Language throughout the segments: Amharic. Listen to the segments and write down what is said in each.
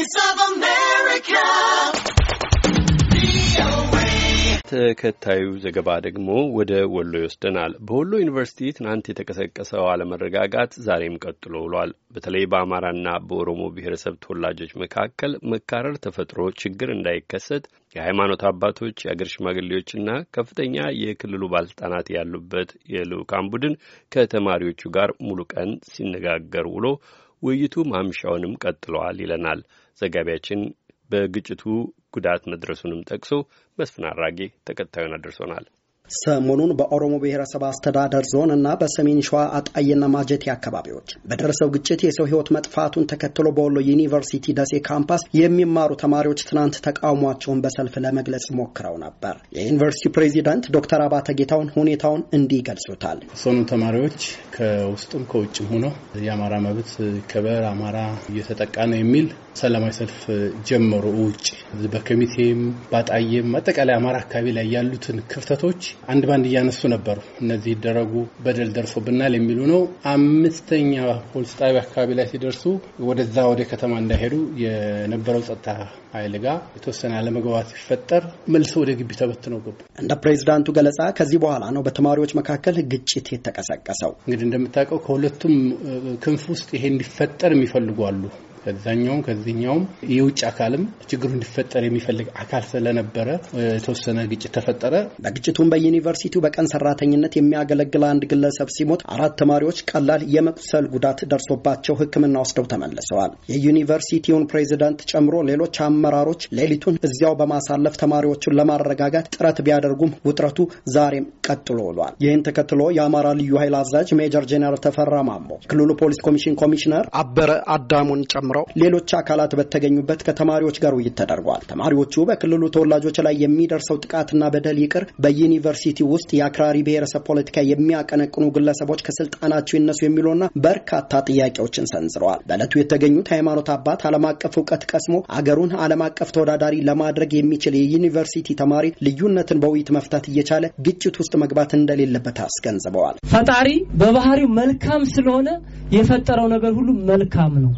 Voice of America. ተከታዩ ዘገባ ደግሞ ወደ ወሎ ይወስደናል። በወሎ ዩኒቨርሲቲ ትናንት የተቀሰቀሰው አለመረጋጋት ዛሬም ቀጥሎ ውሏል። በተለይ በአማራና በኦሮሞ ብሔረሰብ ተወላጆች መካከል መካረር ተፈጥሮ ችግር እንዳይከሰት የሃይማኖት አባቶች፣ የአገር ሽማግሌዎችና ከፍተኛ የክልሉ ባለስልጣናት ያሉበት የልዑካን ቡድን ከተማሪዎቹ ጋር ሙሉ ቀን ሲነጋገር ውሎ ውይይቱ ማምሻውንም ቀጥለዋል ይለናል ዘጋቢያችን። በግጭቱ ጉዳት መድረሱንም ጠቅሶ መስፍን አራጌ ተከታዩን አድርሶናል። ሰሞኑን በኦሮሞ ብሔረሰብ አስተዳደር ዞን እና በሰሜን ሸዋ አጣዬና ማጀቴ አካባቢዎች በደረሰው ግጭት የሰው ሕይወት መጥፋቱን ተከትሎ በወሎ ዩኒቨርሲቲ ደሴ ካምፓስ የሚማሩ ተማሪዎች ትናንት ተቃውሟቸውን በሰልፍ ለመግለጽ ሞክረው ነበር። የዩኒቨርሲቲ ፕሬዚዳንት ዶክተር አባተ ጌታውን ሁኔታውን እንዲህ ይገልጹታል። ሶኑ ተማሪዎች ከውስጡም ከውጭም ሆነው የአማራ መብት ከበር አማራ እየተጠቃ ነው የሚል ሰላማዊ ሰልፍ ጀመሩ። ውጭ በኮሚቴም ባጣዬም አጠቃላይ አማራ አካባቢ ላይ ያሉትን ክፍተቶች አንድ ባንድ እያነሱ ነበሩ። እነዚህ ይደረጉ በደል ደርሶብናል የሚሉ ነው። አምስተኛ ፖሊስ ጣቢያ አካባቢ ላይ ሲደርሱ ወደዛ ወደ ከተማ እንዳይሄዱ የነበረው ጸጥታ ኃይል ጋር የተወሰነ አለመግባባት ሲፈጠር መልሶ ወደ ግቢ ተበትነው ገቡ። እንደ ፕሬዚዳንቱ ገለጻ ከዚህ በኋላ ነው በተማሪዎች መካከል ግጭት የተቀሰቀሰው። እንግዲህ እንደምታውቀው ከሁለቱም ክንፍ ውስጥ ይሄ እንዲፈጠር የሚፈልጉ አሉ። ከዛኛውም ከዚኛውም የውጭ አካልም ችግሩ እንዲፈጠር የሚፈልግ አካል ስለነበረ የተወሰነ ግጭት ተፈጠረ። በግጭቱም በዩኒቨርሲቲው በቀን ሰራተኝነት የሚያገለግል አንድ ግለሰብ ሲሞት አራት ተማሪዎች ቀላል የመቁሰል ጉዳት ደርሶባቸው ሕክምና ወስደው ተመልሰዋል። የዩኒቨርሲቲውን ፕሬዚዳንት ጨምሮ ሌሎች አመራሮች ሌሊቱን እዚያው በማሳለፍ ተማሪዎቹን ለማረጋጋት ጥረት ቢያደርጉም ውጥረቱ ዛሬም ቀጥሎ ውሏል። ይህን ተከትሎ የአማራ ልዩ ኃይል አዛዥ ሜጀር ጄኔራል ተፈራ ማሞ፣ ክልሉ ፖሊስ ኮሚሽን ኮሚሽነር አበረ አዳሙን ጨምሮ ጨምረው ሌሎች አካላት በተገኙበት ከተማሪዎች ጋር ውይይት ተደርጓል። ተማሪዎቹ በክልሉ ተወላጆች ላይ የሚደርሰው ጥቃትና በደል ይቅር በዩኒቨርሲቲ ውስጥ የአክራሪ ብሔረሰብ ፖለቲካ የሚያቀነቅኑ ግለሰቦች ከስልጣናቸው ይነሱ የሚሉና በርካታ ጥያቄዎችን ሰንዝረዋል። በዕለቱ የተገኙት ሃይማኖት አባት ዓለም አቀፍ እውቀት ቀስሞ አገሩን ዓለም አቀፍ ተወዳዳሪ ለማድረግ የሚችል የዩኒቨርሲቲ ተማሪ ልዩነትን በውይይት መፍታት እየቻለ ግጭት ውስጥ መግባት እንደሌለበት አስገንዝበዋል። ፈጣሪ በባህሪው መልካም ስለሆነ የፈጠረው ነገር ሁሉ መልካም ነው።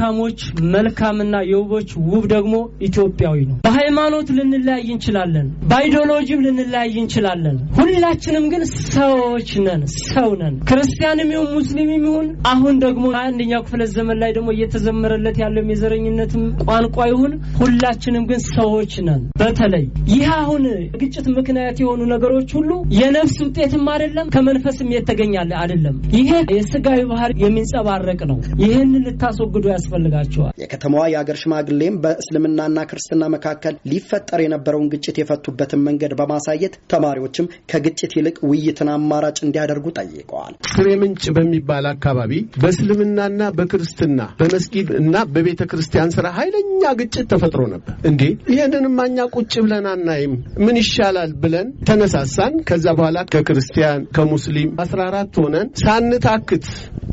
የደካሞች መልካምና የውቦች ውብ ደግሞ ኢትዮጵያዊ ነው። በሃይማኖት ልንለያይ እንችላለን፣ በአይዲዮሎጂም ልንለያይ እንችላለን። ሁላችንም ግን ሰዎች ነን፣ ሰው ነን። ክርስቲያንም ይሁን ሙስሊምም ይሁን አሁን ደግሞ አንደኛው ክፍለ ዘመን ላይ ደግሞ እየተዘመረለት ያለው የዘረኝነትም ቋንቋ ይሁን ሁላችንም ግን ሰዎች ነን። በተለይ ይህ አሁን ግጭት ምክንያት የሆኑ ነገሮች ሁሉ የነፍስ ውጤትም አይደለም ከመንፈስም የተገኛለ አይደለም። ይሄ የስጋዊ ባህር የሚንጸባረቅ ነው። ይህን ልታስወግዱ ያስ ያስፈልጋቸዋል። የከተማዋ የአገር ሽማግሌም በእስልምናና ክርስትና መካከል ሊፈጠር የነበረውን ግጭት የፈቱበትን መንገድ በማሳየት ተማሪዎችም ከግጭት ይልቅ ውይይትን አማራጭ እንዲያደርጉ ጠይቀዋል። ፍሬ ምንጭ በሚባል አካባቢ በእስልምናና በክርስትና በመስጊድ እና በቤተ ክርስቲያን ስራ ኃይለኛ ግጭት ተፈጥሮ ነበር። እንዴ ይህንንማ እኛ ቁጭ ብለን አናይም፣ ምን ይሻላል ብለን ተነሳሳን። ከዛ በኋላ ከክርስቲያን ከሙስሊም አስራ አራት ሆነን ሳንታክት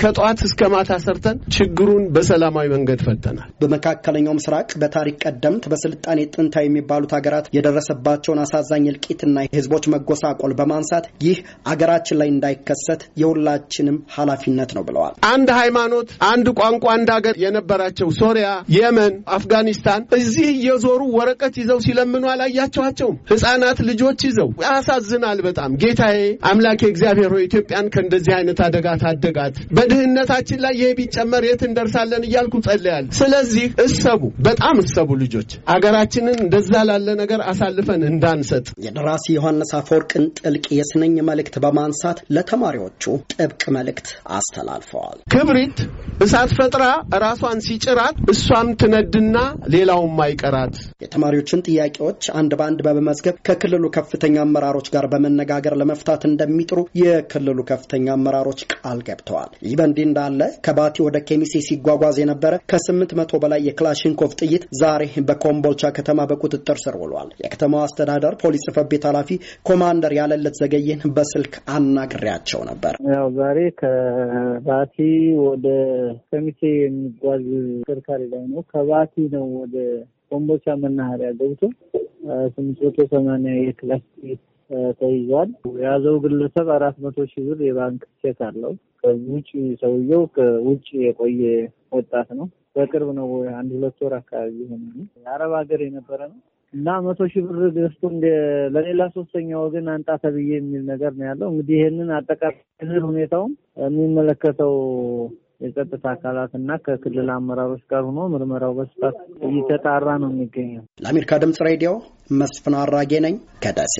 ከጠዋት እስከ ማታ ሰርተን ችግሩን በሰላማዊ በሰላማዊ መንገድ ፈተናል። በመካከለኛው ምስራቅ በታሪክ ቀደምት በስልጣኔ ጥንታዊ የሚባሉት ሀገራት የደረሰባቸውን አሳዛኝ እልቂትና የህዝቦች መጎሳቆል በማንሳት ይህ አገራችን ላይ እንዳይከሰት የሁላችንም ኃላፊነት ነው ብለዋል። አንድ ሃይማኖት፣ አንድ ቋንቋ፣ አንድ ሀገር የነበራቸው ሶሪያ፣ የመን፣ አፍጋኒስታን እዚህ እየዞሩ ወረቀት ይዘው ሲለምኑ አላያቸዋቸውም። ህጻናት ልጆች ይዘው ያሳዝናል በጣም ጌታዬ አምላኬ እግዚአብሔር ሆይ ኢትዮጵያን ከእንደዚህ አይነት አደጋ ታደጋት፣ በድህነታችን ላይ ይሄ ቢጨመር የት እንደርሳለን እያልኩ እንጸልያለን። ስለዚህ እሰቡ፣ በጣም እሰቡ ልጆች፣ አገራችንን እንደዛ ላለ ነገር አሳልፈን እንዳንሰጥ። የደራሲ ዮሐንስ አፈወርቅን ጥልቅ የስነኝ መልእክት በማንሳት ለተማሪዎቹ ጥብቅ መልእክት አስተላልፈዋል። ክብሪት እሳት ፈጥራ ራሷን ሲጭራት እሷም ትነድና ሌላውም አይቀራት። የተማሪዎችን ጥያቄዎች አንድ በአንድ በመመዝገብ ከክልሉ ከፍተኛ አመራሮች ጋር በመነጋገር ለመፍታት እንደሚጥሩ የክልሉ ከፍተኛ አመራሮች ቃል ገብተዋል። ይህ በእንዲህ እንዳለ ከባቲ ወደ ኬሚሴ ሲጓጓዝ የነበረ የነበረ ከስምንት መቶ በላይ የክላሽንኮቭ ጥይት ዛሬ በኮምቦልቻ ከተማ በቁጥጥር ስር ውሏል። የከተማው አስተዳደር ፖሊስ ጽፈት ቤት ኃላፊ ኮማንደር ያለለት ዘገየን በስልክ አናግሬያቸው ነበር። ያው ዛሬ ከባቲ ወደ ከሚሴ የሚጓዝ ተሽከርካሪ ላይ ነው። ከባቲ ነው ወደ ኮምቦልቻ መናኸሪያ ገብቶ ስምንት መቶ ሰማንያ የክላሽ ጥይት ተይዟል። የያዘው ግለሰብ አራት መቶ ሺህ ብር የባንክ ቼክ አለው። ውጭ ሰውየው ከውጭ የቆየ ወጣት ነው። በቅርብ ነው፣ አንድ ሁለት ወር አካባቢ ሆነ። የአረብ ሀገር የነበረ ነው እና መቶ ሺህ ብር ገዝቶ ለሌላ ሶስተኛ ወገን አንጣ ተብዬ የሚል ነገር ነው ያለው። እንግዲህ ይህንን አጠቃላይ ሁኔታውም የሚመለከተው የጸጥታ አካላትና ከክልል አመራሮች ጋር ሆኖ ምርመራው በስፋት እየተጣራ ነው የሚገኘው። ለአሜሪካ ድምጽ ሬዲዮ መስፍን አራጌ ነኝ ከደሴ።